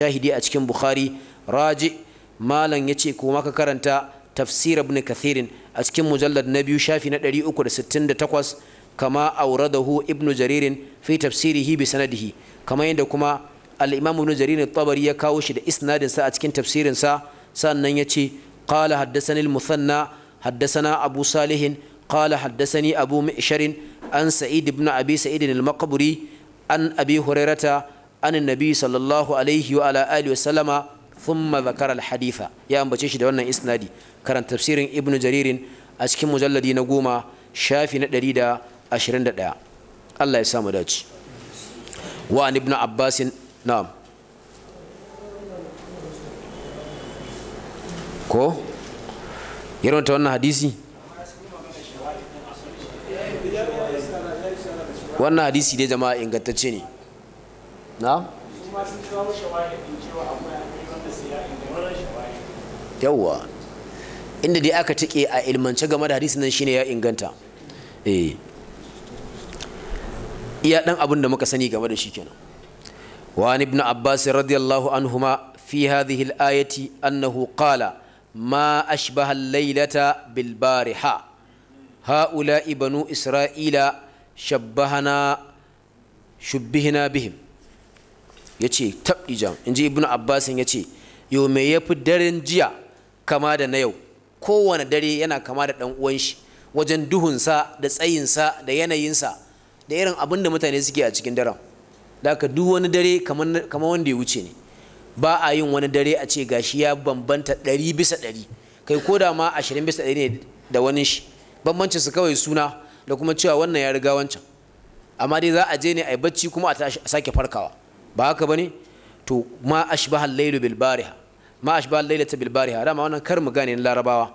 shahidi a cikin bukhari raji malam ya ce kuma ka karanta tafsir ibn kathirin a cikin mujallad na biyu shafi na 368 kama auradahu ibn jaririn fi tafsirihi bi sanadihi kama yadda kuma al-imam ibn Jaririn tabari ya kawo shi da isnadin sa a cikin tafsirin sa sannan ya ce qala haddathani al-muthanna haddathana abu salih qala haddathani abu mi'shar an sa'id ibn abi sa'id al-maqburi an abi hurairata an annabi sallallahu alaihi wa ala alihi wasallama thumma zakara alhaditha ya ambace shi da wannan isnadi karan tafsirin ibnu jaririn a cikin mujalladi na goma shafi na ɗari da ashirin da ɗaya Allah ya samu dace wa an ibnu Abbas na'am ko yaron ta wannan hadisi wannan hadisi dai jama'a ingantacce ne na yawwa inda dai aka tike a ilmance game da hadisi nan shine ya inganta eh iya dan abin da muka sani game da shi kenan wa an ibn abbas radiyallahu anhuma fi hadhihi al-ayati annahu qala ma ashbaha al-laylata bil bariha هؤلاء بنو isra'ila shabbahana شبهنا bihim. ya ce tabijam in ji ibnu abbasin ya ce yau mai ya fi daren jiya kama da na yau kowane dare yana kama da ɗan uwan shi wajen duhunsa da tsayinsa da yanayinsa da irin abin da mutane suke a cikin daren da haka duk wani dare kamar wanda ya wuce ne ba a yin wani dare a ce gashi ya bambanta ɗari bisa ɗari kai ko da ma ashirin bisa ɗari ne da wani shi bambancin su kawai suna da kuma cewa wannan ya riga wancan amma dai za a je ne a yi bacci kuma a sake farkawa ba haka bane to ma ashbaha al-lailu bil bariha ma ashbaha al-lailata bil bariha dama wannan kar mu gane larabawa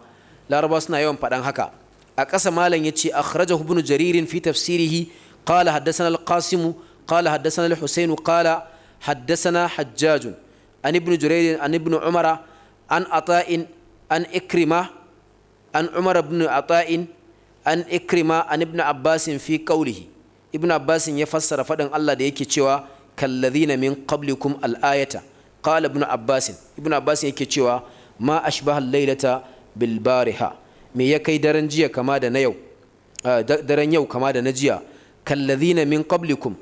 larabawa suna yawan fadan haka a ƙasa malam yace akhrajahu ibn jaririn fi tafsirihi qala haddathana al-qasim qala haddathana al-husayn qala haddathana hajjaj an ibn jurayd an ibn umara an ata'in an ikrima an umar ibn ata'in an ikrima an ibn abbasin fi qawlihi ibn abbasin ya fassara fadin Allah da yake cewa kallazina min qablikum al-ayata qala ibn abbas ibn abbas yake cewa ma ashbaha al-lailata bil me ya kai daren jiya kama da na yau daren na jiya kallazina min qablikum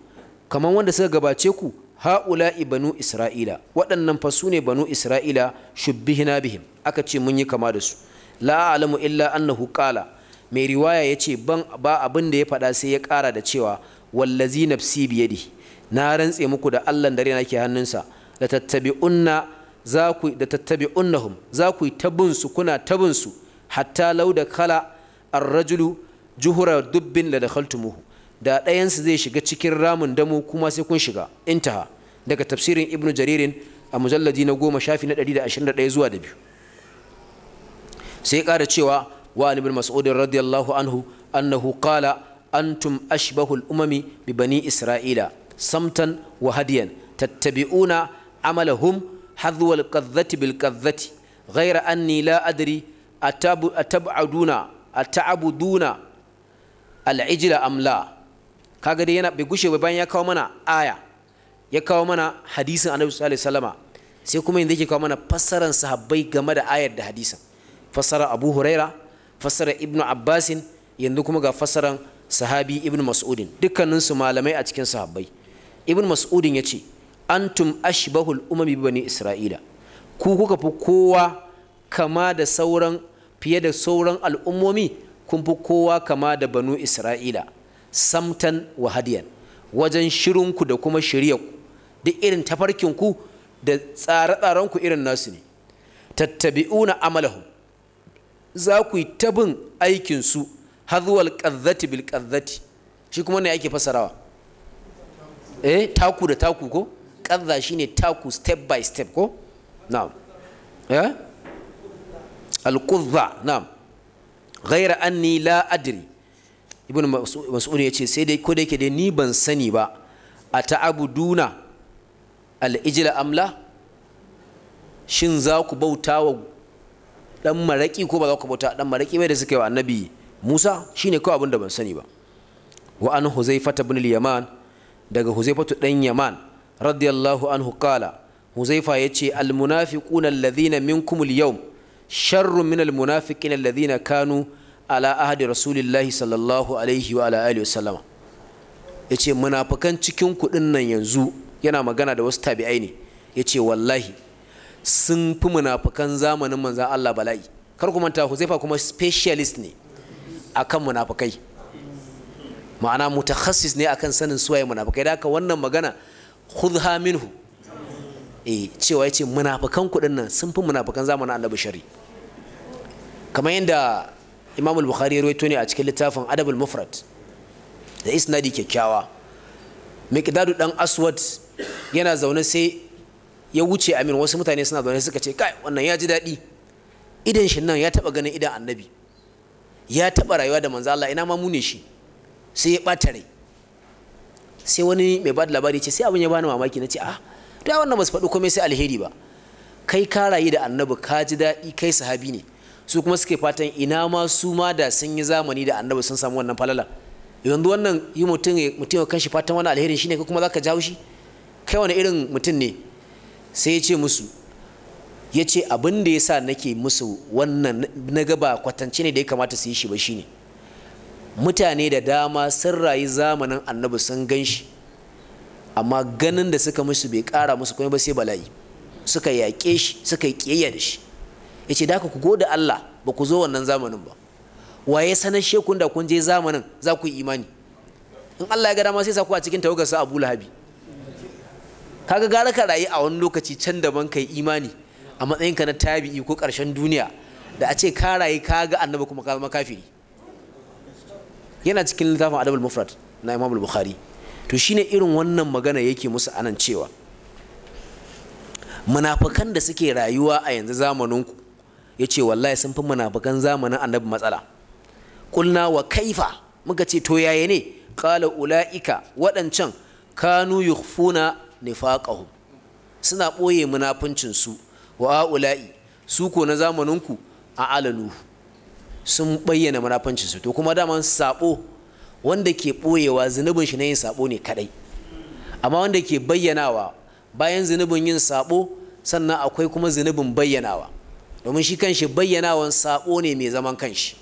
kaman wanda suka gabace ku haula banu isra'ila waɗannan fa su banu isra'ila shubbihina bihim aka ce mun yi kama da su la alamu illa annahu qala mai riwaya yace ban ba abin da ya faɗa sai ya ƙara da cewa wallazi nafsi biyadihi na rantse muku da Allah da nake hannunsa la tattabi'unna za ku da tattabi'unnahum za ku tabun su kuna tabun su hatta law da kala ar-rajulu juhura dubbin la dakhaltumuhu da su zai shiga cikin ramin damu kuma sai kun shiga intaha daga tafsirin ibnu jaririn a mujalladi na goma shafi na 121 zuwa da biyu sai ƙara cewa wa an ibn mas'ud radiyallahu anhu annahu qala antum ashbahul umami bi bani isra'ila samtan wa hadiyan tattabi'una amalahum hadwal qadhati bil qadhati ghayra anni la adri atabu atab'aduna ata'buduna al am la kaga dai yana bai gushe ba bayan ya kawo mana aya ya kawo mana hadisin annabi sallallahu alaihi sai kuma yanzu yake kawo mana fassaran sahabbai game da ayar da hadisin fassara abu huraira fassara ibnu abbasin yanzu kuma ga fassaran sahabi ibnu mas'udin dukkaninsu malamai a cikin sahabbai ibn mas'udin ya ce antum ashbahul umami bani isra'ila ku kuka fi kowa kama da sauran fiye da sauran al'ummomi kun fi kowa kama da banu isra'ila samtan wa hadiyan wajen shirinku da kuma shiryarku duk irin tafarkinku da tsare ku irin nasu ne tattabi'una amalahu za ku yi tabin aikinsu hazuwal ƙazzati bil ƙazzati shi kuma ne ake fasarawa eh taku da taku ko ƙadda shine taku step by step ko na'am eh alqudda na'am ghaira anni la adri ibnu mas'ud yace sai dai ko da yake dai ni ban sani ba ata'abuduna al-ijla amla shin za ku bauta wa dan maraki ko ba za ku bauta dan maraki mai da suka yi wa annabi Musa shine kawai abin da ban sani ba wa an Huzaifata ibn al-Yaman daga huzaifatu dan yaman radiyallahu anhu kala huzaifa ya ce munafiquna alladhina minkum al sharrun min al alladhina kanu ala ahdi rasulillahi sallallahu alaihi wa ala alihi wasallama yace munafikan cikin kudin nan yanzu yana magana da wasu tabi'ai ne yace wallahi sun fi munafukan zamanin manzan Allah bala'i kar ku manta Huzaifa kuma specialist ne akan munafukai. ma'ana mutakhassis ne akan sanin suwaye munafikai da haka wannan magana khudha minhu eh cewa yace munafikan kudin nan sun fi munafikan zamanin annabi shari kamar yadda imam al-bukhari ya rawaito ne a cikin littafin adabul mufrad da isnadi kyakkyawa miqdadu dan aswad yana zaune sai ya wuce amin wasu mutane suna zaune suka ce kai wannan ya ji daɗi idan shi nan ya taɓa ganin idan annabi ya taɓa rayuwa da manzo Allah ina ma mu ne shi sai ya ɓata rai sai wani mai ba da labari ce sai abin ya bani mamaki na ce a ah, to wannan ba su faɗi komai sai alheri ba kai ka rayu da annabi ka ji daɗi kai sahabi ne su kuma suke fatan ina ma su ma da sun yi zamani da annabi sun samu wannan falala yanzu wannan yi mutum mutum kanshi fatan wani alherin shine kai kuma zaka jawo shi kai wani irin mutum ne sai ya ce musu ya ce abin da ya sa nake musu wannan na gaba kwatance ne da ya kamata su yi shi ba shine ne mutane da dama sun rayu zamanin annabi sun gan shi amma ganin da suka musu bai kara musu kuma ba sai bala'i suka yaƙe shi suka yi ƙiyayya da shi ya ce da ku goda Allah ba ku zo wannan zamanin ba waye sanar shekun da kun je zamanin za ku yi imani in Allah ya ga dama sai sa ku a cikin tawagarsa Abu Lahabi kaga gara ka rayu a wani lokaci can daban kai imani a matsayinka na tabi'i ko karshen duniya da a ce ka rayu ka ga annabi kuma ka zama kafiri yana cikin littafin adabul mufrad na imamul bukhari to shine irin wannan magana yake musu anan cewa munafukan da suke rayuwa a yanzu zamaninku ya ce wallahi sun fi munafukan zamanin annabi matsala kulna wa kaifa muka ce to yaya ne qala ulaika waɗancan kanu yukhfuna nifaqahum suna ɓoye su wa ula'i su ko na zamanin a alanuhu sun bayyana su to kuma daman sabo wanda ke ɓoyewa zunubin shi na yin sabo ne kadai amma wanda ke bayyanawa bayan zunubin yin sabo sannan akwai kuma zunubin bayyanawa domin shi kanshi bayyanawan sabo ne mai zaman kanshi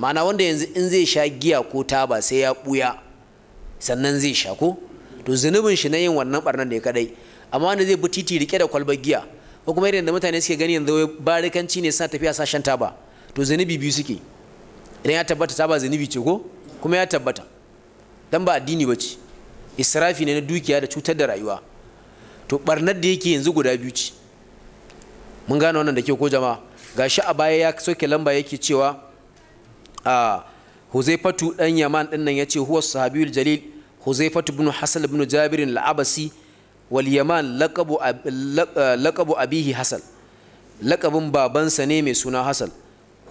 ma'ana wanda yanzu in zai sha giya ko taba sai ya ɓuya sannan zai sha ko to zunubin shi na yin wannan barnan ne kadai amma wanda zai bi titi rike da kwalbar giya ko kuma irin da mutane suke gani yanzu barikanci ne suna tafiya sashen taba to zanibi biyu suke idan ya tabbata ta ba zanibi ce ko kuma ya tabbata dan ba addini bace israfi ne na dukiya da cutar da rayuwa to barnar da yake yanzu guda biyu ce mun gane wannan da ke ko jama'a gashi a baya ya soke lamba yake cewa a huzaifatu dan yaman din nan ce huwa sahabiyul jalil huzaifatu ibn hasan ibn jabir al-abasi wal yaman laqabu laqabu abihi hasan laqabun babansa ne mai suna hasan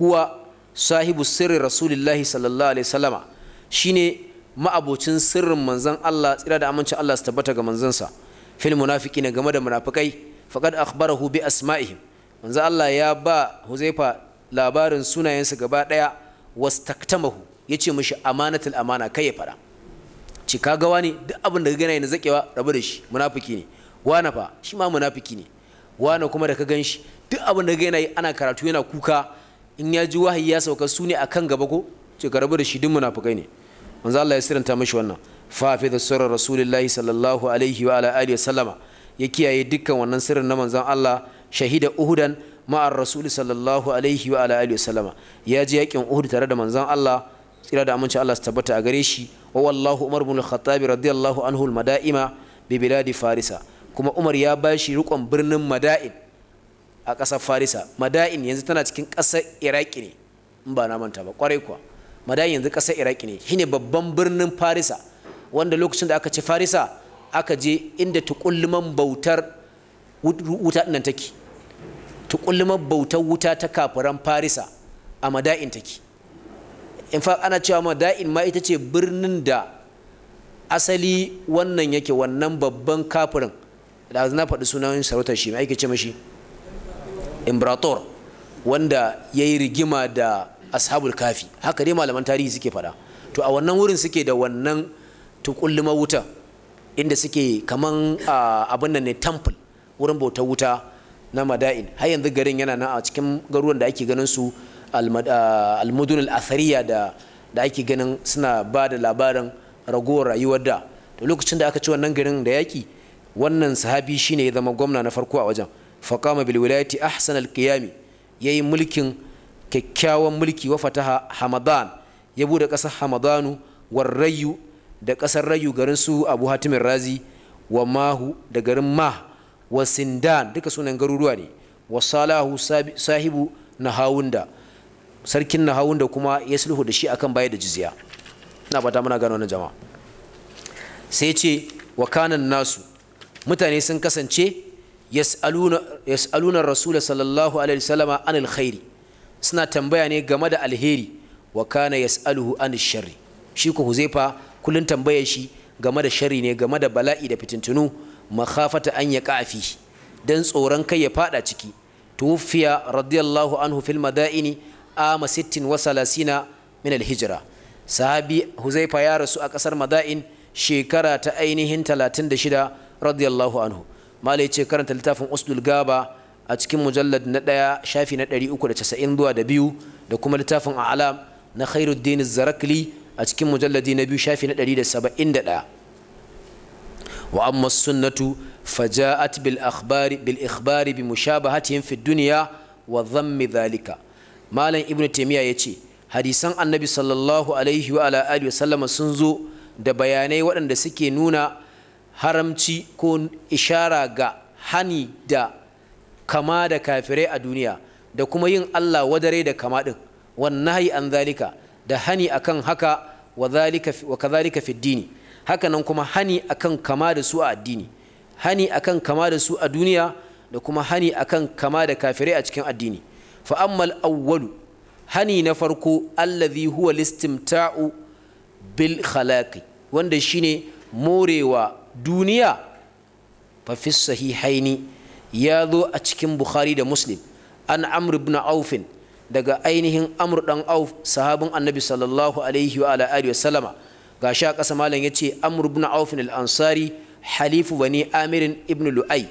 huwa sahibu sirri rasulillahi sallallahu alaihi wasallama shine ma'abocin sirrin manzon Allah tsira da amincin Allah su tabbata ga manzansa fil na game da munafikai faqad akhbarahu bi asma'ihim manzon Allah ya ba Huzaifa labarin su gaba daya wastaktamahu yace mishi amanatul amana kai ya fada ci kaga wani duk abin da ka gani yana zakewa rabu da shi munafiki ne wana fa shi ma munafiki ne wana kuma da ka ganshi duk abin da ka gani ana karatu yana kuka in ya ji wahayi ya sauka su ne akan gaba ko ce ka rabu da shi duk munafukai ne manzo Allah ya siranta mashi wannan fa fi da sirrin rasulullahi sallallahu alaihi wa alihi sallama ya kiyaye dukkan wannan sirrin na manzon Allah shahida uhudan ma'ar rasul sallallahu alaihi wa alihi sallama ya ji yakin uhud tare da manzon Allah tsira da amincin Allah su tabbata a gare shi wa wallahu umar ibn al-khattab radiyallahu anhu al-mada'ima bi biladi farisa kuma umar ya bashi rikon birnin mada'in a ƙasar farisa mada'in yanzu tana cikin ƙasar iraki ne in ba na manta ba kwarai kuwa mada'in yanzu ƙasar iraki ne shine babban birnin farisa wanda lokacin da aka ce farisa aka je inda tukulluman bautar wuta nan take tukulluman bautar wuta ta kafiran farisa a mada'in take in fa ana cewa mada'in ma ita ce birnin da asali wannan yake wannan babban kafirin da na faɗi sunan sarautar shi mai ake ce mashi imbrator wanda ya yi rigima da ashabul kafi haka dai malaman tarihi suke faɗa to a wannan wurin suke da wannan tukulluma wuta inda suke kaman abin nan ne temple wurin bautar wuta na mada'in har yanzu garin yana nan a cikin garuruwan da ake ganin su almudun al'athariya da da ake ganin suna ba da labarin ragowar rayuwar da to lokacin da aka ci wannan garin da yaki wannan sahabi shine ya zama gwamna na farko a wajen faƙama bilwilayati ahsan alƙiyami ya yi mulkin kyakkyawan mulki wa fataha hamadan ya buɗe ƙasar hamadanu warrayu da ƙasar rayu garin su abu hatimin razi wa mahu da garin mah wa sindan duka sunan garuruwa ne wa salahu sahibu nahawunda sarkin nahawunda kuma ya sulhu da shi akan baya da jizya ina fata muna gano wannan jama'a sai ce wa kanan nasu mutane sun kasance yas'aluna rasul sallallahu alaihi wasallama anil khairi suna tambaya ne game da alheri wa kana yas'aluhu anil sharri shi ko huzaifa kullun tambayar shi game da sharri ne game da bala'i da fitintunu makhafata an yaqa fi dan tsoron kai ya fada ciki tufiya radiyallahu anhu fil madaini ama 60 wa salasina min hijira sahabi huzaifa ya rasu a kasar madain shekara ta ainihin 36 radiyallahu anhu malai ce karanta littafin usdul gaba a cikin mujallad na ɗaya shafi na ɗari uku da casa'in zuwa da biyu da kuma littafin alam na khairuddin zarakli a cikin mujalladi na biyu shafi na ɗari da saba'in da ɗaya wa amma sunnatu faja'at bil akhbari bil ikhbari bi mushabahatihim fi dunya wa dhammi dhalika malam ibnu taymiya yace hadisan annabi sallallahu alaihi wa ala alihi wa sallama sun zo da bayanai waɗanda suke nuna haramci ko ishara ga hani da kama da kafirai a duniya da kuma yin Allah wadare da kama din wannahi an zalika da hani akan haka wa zalika fi dini haka nan kuma hani akan kama da su a addini hani akan kama da su a duniya da kuma hani akan kama da kafirai a cikin addini fa ammal awwalu hani na farko allazi huwa listimta'u bil khalaqi wanda shine morewa duniya fafis sahihaini ya zo a cikin bukhari da muslim an amr ibn aufin daga ainihin amr dan auf sahabin annabi sallallahu alaihi wa ala alihi wa ga sha a ƙasa malam ce amr ibn aufin al-ansari halifu bani amirin ibn lu'ai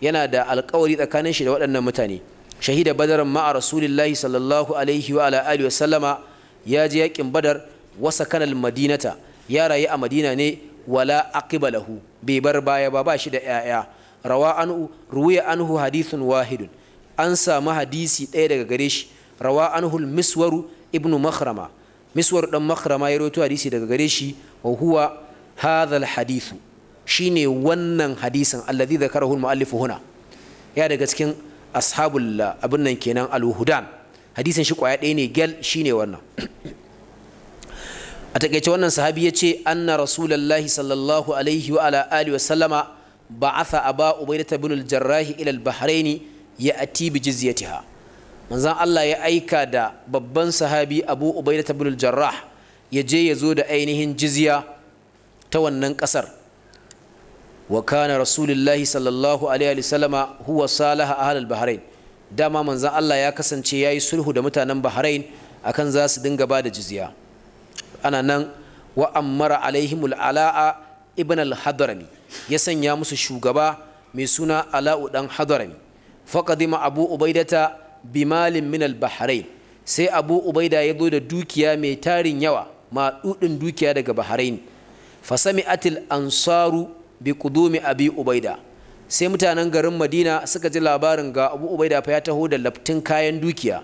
yana da alkawari tsakanin shi da waɗannan mutane shahida badaran ma'a rasulillahi sallallahu alaihi wa ala wa ya je yakin badar wasa kanal madinata ya rayu a madina ne wala aqiba lahu bai bar baya ba bashi da yaya rawa anhu ruwiya anhu hadithun wahidun an samu hadisi ɗaya daga gare shi rawa anhu miswaru ibnu makhrama miswar dan makhrama ya rawaito hadisi daga gare shi wa huwa hadha alhadith shine wannan hadisin alladhi zakarahu almuallif huna ya daga cikin ashabul abin nan kenan al-hudan hadisin shi kwaya ɗaya ne gel shine wannan a takaice wannan sahabi ya ce anna rasulallahi sallallahu alaihi wa ala alihi wa sallama ba'atha aba ubaidah bin al-jarrah ila al-bahrain ya'ti bi jizyatiha manzon Allah ya aika da babban sahabi abu ubaidah bin al-jarrah ya je ya zo da ainihin jizya ta wannan kasar wa kana rasulullahi sallallahu alaihi wa sallama huwa salaha ahal al-bahrain dama manzon Allah ya kasance yayi sulhu da mutanen bahrain akan za su dinga ba da jizya ana nan wa ammara alaihimul ala'a ibn al-hadrami ya sanya musu shugaba mai suna ala'u dan hadrami faqadima abu ubaidata bimalin min al-bahrain sai abu ubaida ya zo da dukiya mai tarin yawa ma dudin dukiya daga bahrain fasami'atil ansaru bi qudumi abi ubaida sai mutanen garin madina suka ji labarin ga abu ubaida fa ya taho da laftin kayan dukiya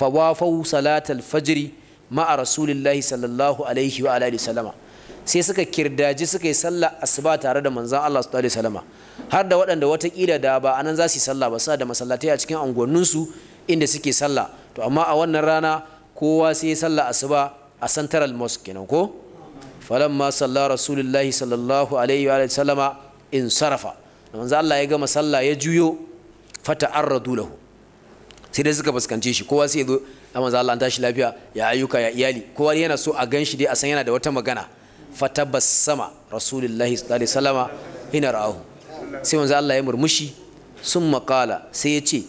fawafau salatal fajiri ma'a rasulillahi sallallahu alaihi wa alihi sallama sai suka kirdaji suka yi sallah asuba tare da manzon Allah sallallahu alaihi sallama har da waɗanda watakila da ba anan za su yi sallah ba suna da masallatai a cikin unguwanninsu inda suke sallah to amma a wannan rana kowa sai ya sallah asuba a central mosque kenan ko falamma salla rasulullahi sallallahu alaihi wa sallama in sarafa manzo Allah ya gama sallah ya juyo fata arradu lahu sai dai suka fuskance shi kowa sai ya zo a manzo Allah an tashi lafiya ya ayyuka ya iyali kowa yana so a gan shi dai a san yana da wata magana fatabassama rasulullahi sallallahu alaihi wasallama hina ra'ahu sai manzo Allah ya murmushi summa qala sai ya ce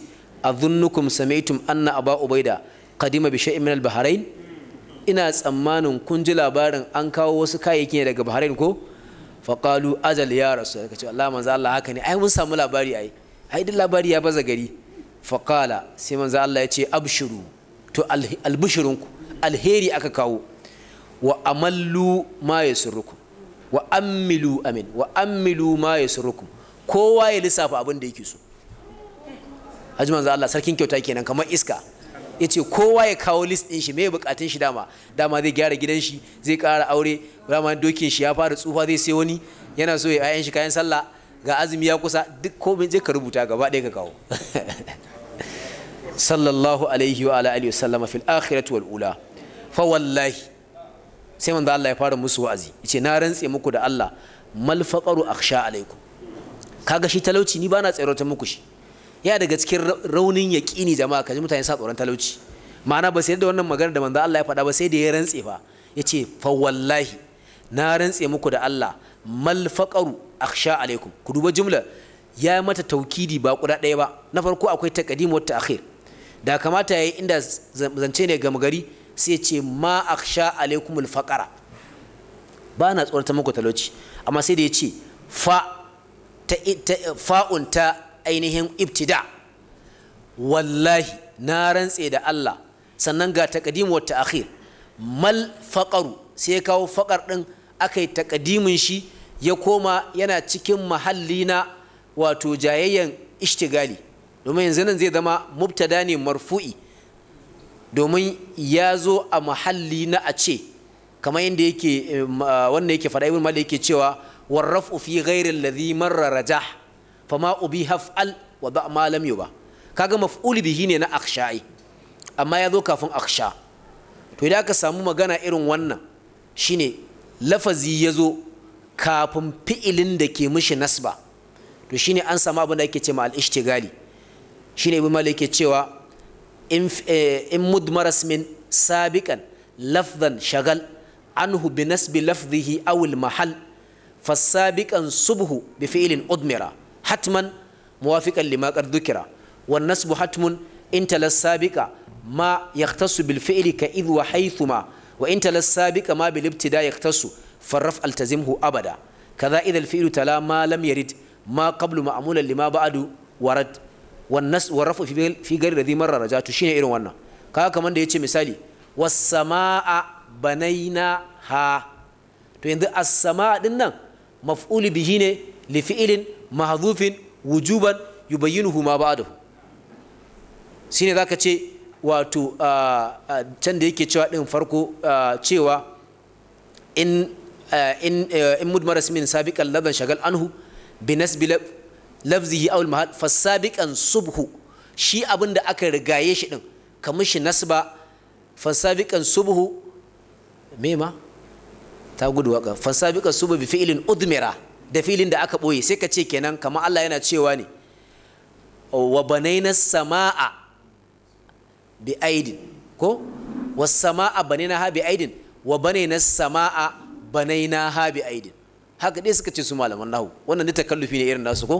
adhunnukum sami'tum anna aba ubaida qadima bi shay'in min al-bahrain ina tsammanin kun ji labarin an kawo wasu kayayyaki ne daga bahrain ko faqalu azal ya rasul kace Allah manzo Allah haka ne ai mun samu labari ai ai duk labari ya baza gari faqala sai manzo Allah ya ce shiru. to albishirinku alheri aka kawo wa amallu ma ya surruku wa ammilu amin wa ammilu ma ya surruku kowa ya lissafa abin da yake so hajji manzo Allah sarkin kyauta kenan kamar iska yace kowa ya kawo list din shi me bukatun shi dama dama zai gyara gidan shi zai kara aure dama dokin shi ya fara tsufa zai sai wani yana so ya ayan shi kayan sallah ga azumi ya kusa duk komai zai ka rubuta gaba ɗaya ka kawo sallallahu alaihi wa ala alihi wasallama fil akhirati wal ula fa wallahi sai manzo Allah ya fara musu wa'azi yace na rantse muku da Allah mal faqaru akhsha alaikum kaga shi talauci ni bana ta muku shi ya daga cikin raunin yaqini jama'a kaji mutane sa tsoron talauci ma'ana ba sai da wannan magana da manzo Allah ya faɗa ba sai da ya rantse fa yace fa wallahi na rantse muku da Allah mal faqaru akhsha alaikum ku duba jumla ya mata taukidi ba kuda ɗaya ba na farko akwai taqdim wa ta'khir da kamata ya yi inda zance ne gama gari sai ce ma sha alaikumul faƙara ba na tsorata muku talauci amma sai da ya ce ta fa'un ta ainihin ibtida wallahi na rantse da Allah sannan ga takadimu wata akhir mal faƙaru sai ya kawo faƙar ɗin aka yi shi ya koma yana cikin mahalli na wato jayayyan ishtigali domin yanzu nan zai zama mubtada ne marfu'i domin ya zo a mahalli na a ce kamar yadda yake eh, wannan yake faɗa ibn malik yake cewa warraf fi ghairi alladhi marra rajah fama ubi haf'al wa ba ma lam yuba kaga maf'ul bihi ne na akhsha'i amma ya zo kafin akhsha to idan aka samu magana irin wannan shine lafazi ya zo kafin fi'ilin da ke mishi nasba to shine an samu abin da ake ce ma al-ishtigali shine ibn malik yake cewa in eh, mudmar ismin sabiqan lafdan shagal anhu bi nasbi lafzihi awil al mahal fasabiqan subhu bi fi'ilin udmira hatman muwafiqan lima dukira dhukira wan nasbu hatmun in tala sabiqa ma yahtassu bil fi'li ka idh wa haythuma wa in tala sabiqa ma bil ibtida yaktasu farraf altazimhu abada kaza idha al tala ma lam yarid ma qablu ma'mulan lima ba'adu warad wannas wa rafu fi gari da zimar rarajatu shine irin wannan kaga kamar da yace misali was-samaa banaina ha to yanzu as-samaa din nan maf'ul bihi ne li fi'lin mahdhufin wujuban yubayyinuhu ma ba'dahu shine zaka ce wato can da yake cewa ɗin farko cewa in in in mudmar ismin sabiqan ladan shagal anhu bi lafzihi aw mahal fasabiqan subhu shi abin da aka rigaye shi din kamar shi nasba fasabiqan subhu mema ta gudu waka fasabiqan subhu bi fi'lin udmira da filin da aka boye sai ka ce kenan kamar Allah yana cewa ne wa banaina sama'a bi aidin ko was sama'a banaina ha bi aidin wa banaina sama'a banaina ha bi aidin haka dai suka ce su malaman nahu wannan ne takallufi ne irin nasu ko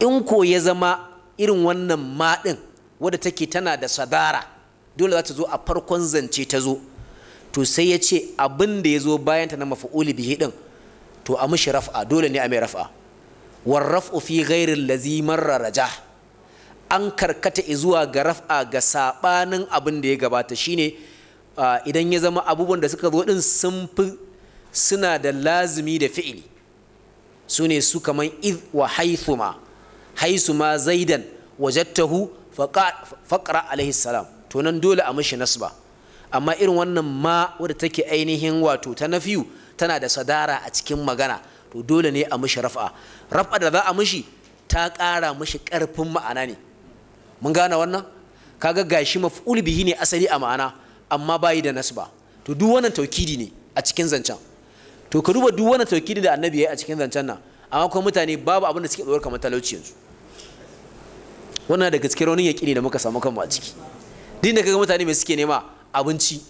in ko ya zama irin wannan maɗin wadda take tana da sadara dole za ta zo a farkon zance ta zo to sai ya ce abin da ya zo bayanta ta na mafi'uli bihi din to a mishi raf'a dole ne a mai raf'a war raf'u fi ghairil ladzi marra an karkata zuwa ga raf'a ga saɓanin abin da ya gabata shine idan ya zama abubuwan da suka zo din sun fi suna da lazimi da fi'ili su ne su kaman id wa haithuma haisu ma zaidan wajattahu faqra alaihi salam to nan dole a mishi nasba amma irin wannan ma wadda take ainihin wato ta nafiyu tana da sadara a cikin magana to dole ne a mishi raf'a raf'a da za a mishi ta ƙara mishi ƙarfin ma'ana ne mun gane wannan kaga gashi maf'ul bihi ne asali a ma'ana amma bayi da nasba to duk wannan taukidi ne a cikin zancen to ka duba duk wannan taukidi da annabi ya yi a cikin zancen nan amma kuma mutane babu abin da suke tsoron kamar talauci yanzu wannan daga cikin raunin yaƙini da muka samu kanmu a ciki din da kaga mutane mai suke nema abinci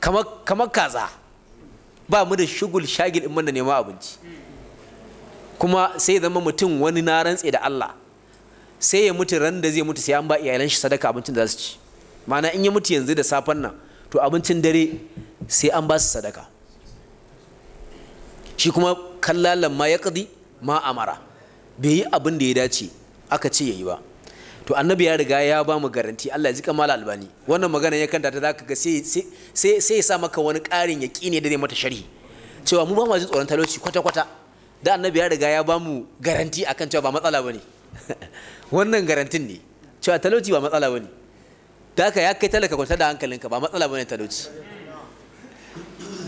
kamar kaza ba mu da shugul shagil in mana nema abinci kuma sai ya zama mutum wani na rantse da Allah sai ya mutu ran da zai mutu sai an ba iyalan shi sadaka abincin da za su ci ma'ana in ya mutu yanzu da safen nan to abincin dare sai an ba su sadaka shi kuma kallalan ma ya ma amara bai yi abin da ya dace aka ce ya yi ba to annabi ya riga ya ba mu garanti Allah ya ji kamal albani wannan magana ya kanta ta zaka ga sai sai sai ya sa maka wani ƙarin yaki ne da zai mata sharhi cewa mu ba mu ji tsoron talauci kwata kwata da annabi ya riga ya ba mu garanti akan cewa ba matsala bane wannan garantin ne cewa talauci ba matsala bane da haka ya kai talaka kwata da hankalinka ba matsala bane talauci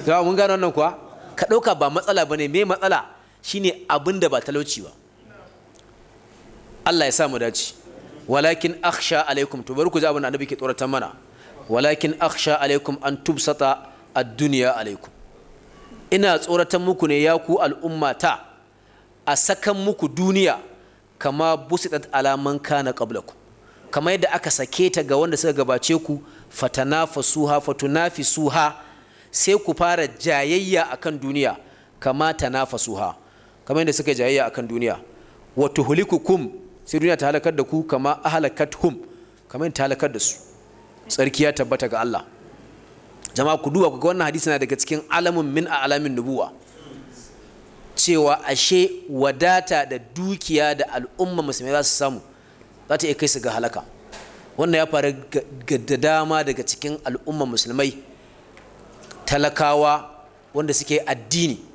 ga mun gano wannan kuwa ka ɗauka ba matsala bane me matsala shine abin da ba talauci ba Allah ya sa mu dace walakin akhsha alaikum to bari ku annabi ke tsoratar mana walakin akhsha alaikum an tubsata ad-dunya alaikum ina tsoratar muku ne ya ku al'ummata a sakan muku duniya kama busitat alaman kana qablakum kamar yadda aka sake ta ga wanda suka gabace ku fatanafasuha fatunafisuha sai ku fara jayayya akan duniya kama tanafasuha kamar yadda suka jayayya akan duniya wa tuhlikukum sai duniya ta halakar da ku kama ahalakat hum yin ta halakar da su tsarki ya tabbata ga Allah jama'a ku duba kuka ga wannan hadisi na daga cikin alamun min a alamin nubuwa cewa ashe wadata da dukiya da al'umma musulmai za su samu za ta iya kai su ga halaka wannan ya faru ga da dama daga cikin al'umma musulmai talakawa wanda suke addini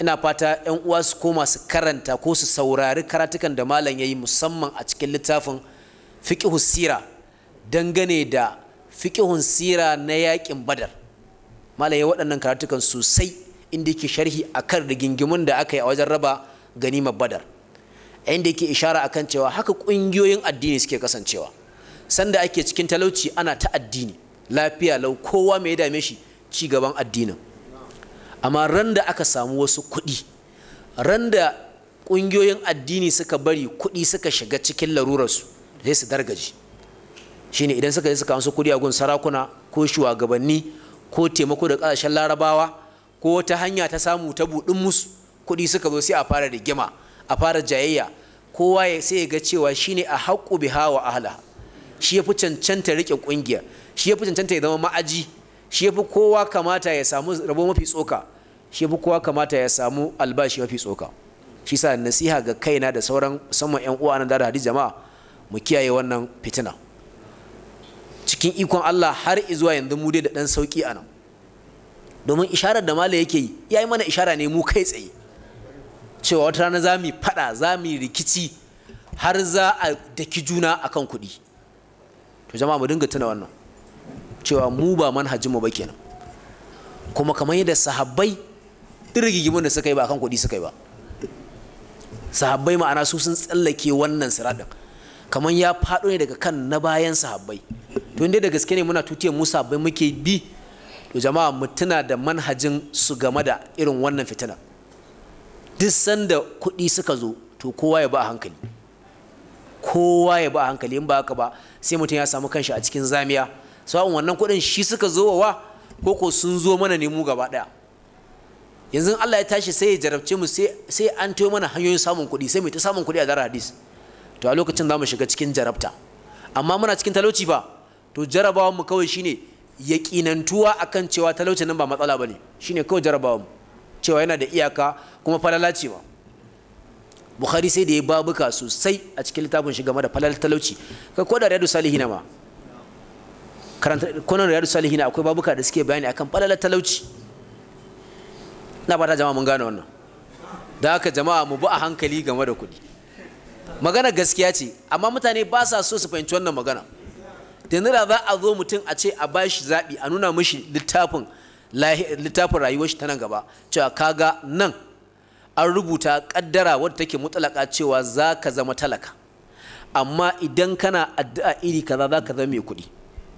ina fata yan uwa su koma su karanta ko su saurari karatukan da malam ya yi musamman a cikin littafin fiqhu sira dangane da fiqhun sira na yakin badar malam yayi waɗannan karatukan sosai inda yake sharhi akan rigingimun da aka yi a wajen raba ganimar badar inda yake ishara akan cewa haka ƙungiyoyin addini suke kasancewa sanda ake cikin talauci ana ta addini lafiya lau kowa mai dame shi ci gaban addinin amma ran da aka samu wasu kuɗi ran da ƙungiyoyin addini suka bari kuɗi suka shiga cikin larurarsu sai su dargaji shine idan suka je suka wasu kuɗi a gun sarakuna ko shugabanni ko taimako da ƙasashen larabawa ko wata hanya ta samu ta buɗin musu kuɗi suka zo sai a fara rigima a fara jayayya kowa ya sai ya ga cewa shine a haƙƙu biha wa ahla shi ya fi cancanta riƙe ƙungiya shi ya fi cancanta ya zama ma'aji shi yafi kowa kamata ya samu rabo mafi tsoka shi yafi kowa kamata ya samu albashi mafi tsoka shi sa nasiha ga kaina da sauran musamman yan uwa na da hadisi jama'a mu kiyaye wannan fitina cikin ikon Allah har zuwa yanzu mu dai da dan sauki anan domin isharar da mala yake yi yayi mana ishara ne mu kai tsaye cewa wata rana za mu faɗa za mu rikici har za a daki juna akan kuɗi to jama'a mu dinga tuna wannan cewa mu ba mu ba kenan kuma kamar yadda sahabbai duk da suka yi ba kan kuɗi suka yi ba sahabbai ma'ana su sun tsallake wannan siraɗin kamar ya faɗo ne daga kan na bayan sahabbai to inda da gaske ne muna tutiyar mu sahabbai muke bi to jama'a mu tuna da manhajin su game da irin wannan fitina duk sanda kuɗi suka zo to kowa ya ba hankali kowa ya ba hankali in ba haka ba sai mutum ya samu kanshi a cikin zamiya sawa'un wannan kuɗin shi suka zo wa ko ko sun zo mana ne mu gaba ɗaya yanzu Allah ya tashi sai ya jarabce mu sai an tayo mana hanyoyin samun kuɗi sai mu ta samun kuɗi a dara hadis to a lokacin za mu shiga cikin jarabta amma muna cikin talauci ba to jarabawan mu kawai shine yaƙinantuwa akan cewa talauci nan ba matsala bane shine kawai jarabawan mu cewa yana da iyaka kuma falala cewa bukhari sai da ya babuka sosai a cikin littafin shi game da falal talauci ka koda salihi na ma karanta kunan riyadu salihina akwai babuka da suke bayani akan falalar talauci na ba jama'a mun gane wannan da haka jama'a mu bi a hankali game da kuɗi magana gaskiya ce amma mutane ba sa so su fahimci wannan magana da da za a zo mutum a ce a bashi zaɓi a nuna mishi littafin littafin rayuwar shi ta nan gaba cewa kaga nan an rubuta kaddara wadda take mutalaka cewa za ka zama talaka amma idan kana addu'a iri kaza za ka zama mai kuɗi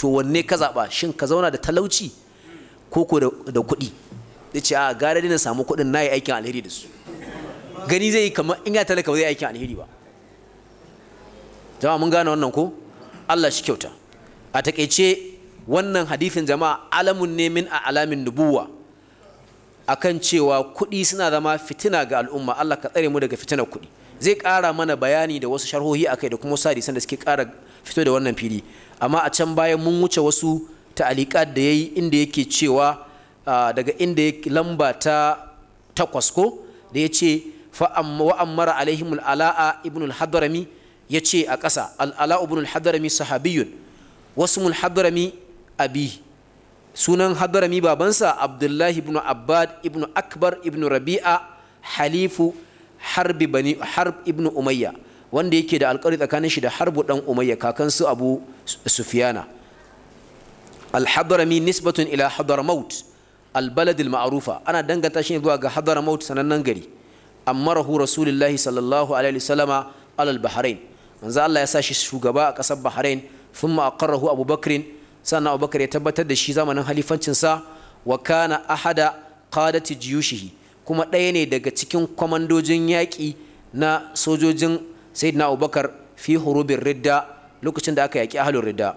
to wanne ka zaɓa shin ka zauna da talauci ko ko da kuɗi ya a gara na samu kuɗin na yi aikin alheri da su gani zai yi kamar in ya talaka ba zai aikin alheri ba jama'a mun gane wannan ko Allah shi kyauta a takaice wannan hadisin jama'a alamun ne min a alamin nubuwa akan cewa kuɗi suna zama fitina ga al'umma Allah ka tsare mu daga fitinar kuɗi zai ƙara mana bayani da wasu sharhohi akai da kuma wasu hadisan da suke ƙara fito da wannan fili amma a can bayan mun wuce wasu ta'aliƙat da ya yi inda yake cewa daga inda lamba ta takwas ko da ya ce wa'ammara alaihim al'ala'a ibn al-hadarami ya ce a ƙasa al'ala ibn al-hadarami sahabiyun wasu mul hadarami abi sunan hadarami babansa abdullahi ibn abbad ibn akbar ibn rabi'a halifu harb ibn umayya wanda yake da alƙawari tsakanin shi da harbu dan umayya kakan su abu Sufiyana. al nisbatun ila hadramaut al-balad al ana danganta shi zuwa ga hadaramaut sanannen gari rahu rasulullahi sallallahu alaihi wasallama alal bahrain manzo Allah ya sa shi shugaba a ƙasar bahrain thumma aqarrahu abubakrin sannan abubakar ya tabbatar da shi zamanin halifancin sa wa kana ahada qadati jiyushihi kuma ɗaya ne daga cikin kwamandojin yaƙi na sojojin sayyidina abubakar fi hurubin ridda lokacin da aka yaki ahlul ridda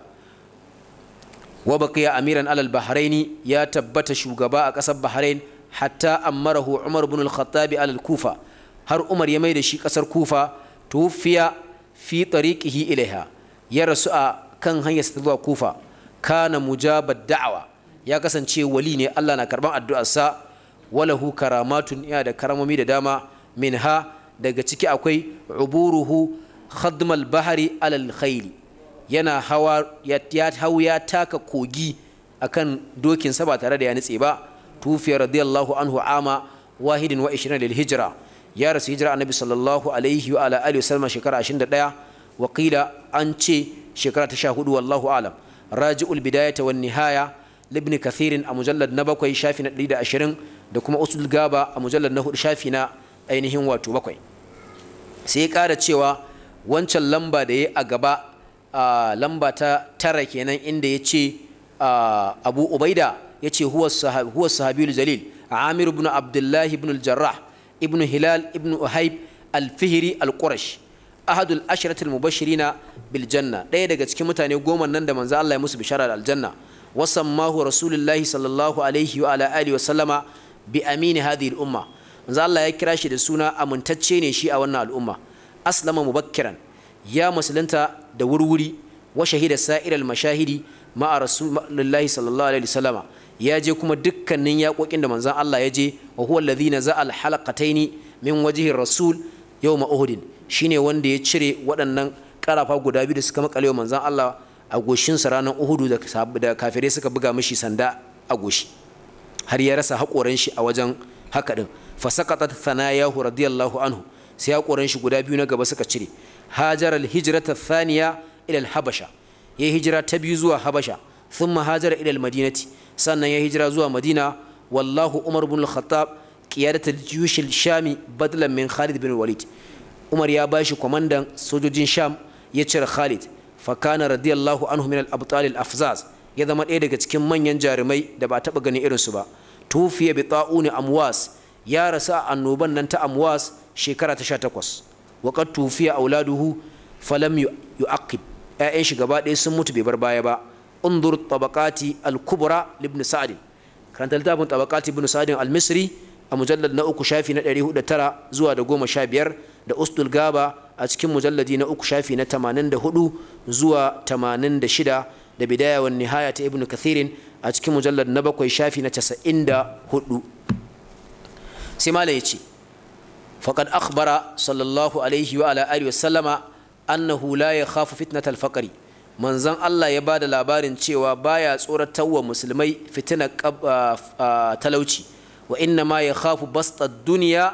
wa baqiya amiran alal bahraini ya tabbata shugaba a ƙasar bahrain hatta amarahu umar ibn al-khattab alal kufa har umar ya mai da shi ƙasar kufa tufiya fi tariqihi ilaiha ya rasu a kan hanyar zuwa kufa kana mujabad da'awa ya kasance wali ne Allah na karban addu'arsa walahu karamatun ya da karamomi da dama minha daga ciki akwai uburuhu khadmal bahari alal khayli yana hawa ya, hau ya taka kogi akan dokinsa ba tare da ya nutse ba tufiya radiyallahu anhu ama wahidin wa ishirin lil hijra ya rasu hijira annabi sallallahu alaihi wa ala alihi wasallam shekara 21 wa qila an ce shekara ta 14 wallahu alam raji'ul bidayata wan nihaya libni kathirin a mujallad na bakwai shafi na 120 da kuma usul gaba a mujallad na 4 shafi ainihin wato bakwai sai ya ƙara cewa wancan lamba da ya a gaba lamba ta tara kenan inda ya ce abu ubaida ya ce huwa sahabiyul jalil amir ibn abdullah ibn jarrah ibn hilal ibn uhaib al-fihri al-qurash ahadul ashratil mubashirina bil janna ɗaya daga cikin mutane goma nan da manzo Allah ya musu bishara da aljanna wasammahu rasulullahi sallallahu alaihi wa ala alihi wa sallama bi amini hadhihi al-umma manzo Allah ya kira shi da suna amintacce ne shi a wannan al'umma aslama mubakkiran ya musulunta da wurwuri wa shahida sa'iral mashahidi ma'a rasulullahi sallallahu alaihi wasallama ya je kuma dukkanin yaƙoƙin da manzon Allah ya je wa huwa allazi naza al halaqataini min wajhi rasul yawm uhud shine wanda ya cire waɗannan karafa guda biyu da suka makale manzon Allah a goshin sa ranar Uhud da da kafirai suka buga mishi sanda a goshi har ya rasa haƙoran shi a wajen haka din Fasaka saqatat thanayahu radiyallahu anhu sai hakoran shi guda biyu na gaba suka cire hajar al hijrata thaniya ila habasha ya hijira ta biyu zuwa habasha thumma hajara ila al madinati sannan ya hijira zuwa madina wallahu umar ibn al khattab qiyadatu al shami badlan min khalid bin walid umar ya bashi kwamandan sojojin sham ya cire khalid Fakana radiyallahu anhu min al abtal afzaz ya zama ɗaya daga cikin manyan jarumai da ba taɓa ganin irinsu ba tufiya bi ta'uni amwas ya rasu a annoban nan ta amwas shekara ta sha takwas waƙar tufiya auladuhu falam yu'aqib ƴaƴan shi gaba ɗaya sun mutu bai bar baya ba undur tabaqati al-kubra ibn sa'd karanta littafin tabaqati ibn sa'd al-misri a mujallad na uku shafi na 409 zuwa da goma sha biyar da ustul gaba a cikin mujalladi na uku shafi na 84 zuwa 86 da bidaya wa nihaya ta ibn kathirin a cikin mujallad na bakwai shafi na 94 sai mala ya ce faƙad akhbara sallallahu alaihi wa alihi wasallama annahu la ya khafu fitnat alfaqari manzon Allah ya bada labarin cewa baya tsoratarwa musulmai fitinar talauci wa inna ma ya khafu basta duniya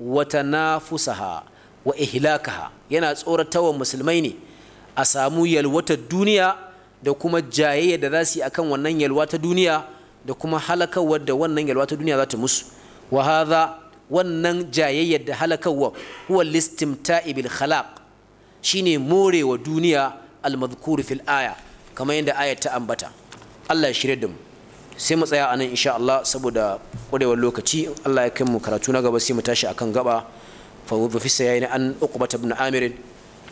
wa tanafusaha wa ihlakaha yana tsoratarwa musulmai ne a samu yalwatar duniya da kuma jayayya da za su yi akan wannan yalwa ta duniya da kuma halakawar da wannan yalwa ta duniya za ta musu wa wannan jayayyar da halakawa huwa listimta'i bil khalaq shine morewa duniya al madhkur fil aya kamar yadda ayar ta ambata Allah ya shirye da mu sai mu tsaya anan insha Allah saboda kurewar lokaci Allah ya kai mu karatu na gaba sai mu tashi akan gaba fa wa fi sayyina an uqbata ibn amir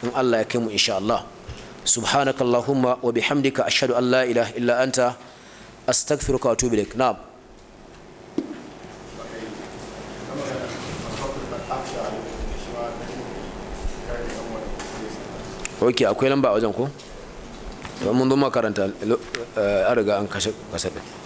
in Allah ya kai mu insha Allah subhanakallahumma wa bihamdika ashhadu an la ilaha illa anta astaghfiruka wa atubu ilaik na'am ok akwai lamba a wajen ko mun zo makaranta eh, a riga an kashe kasaɗin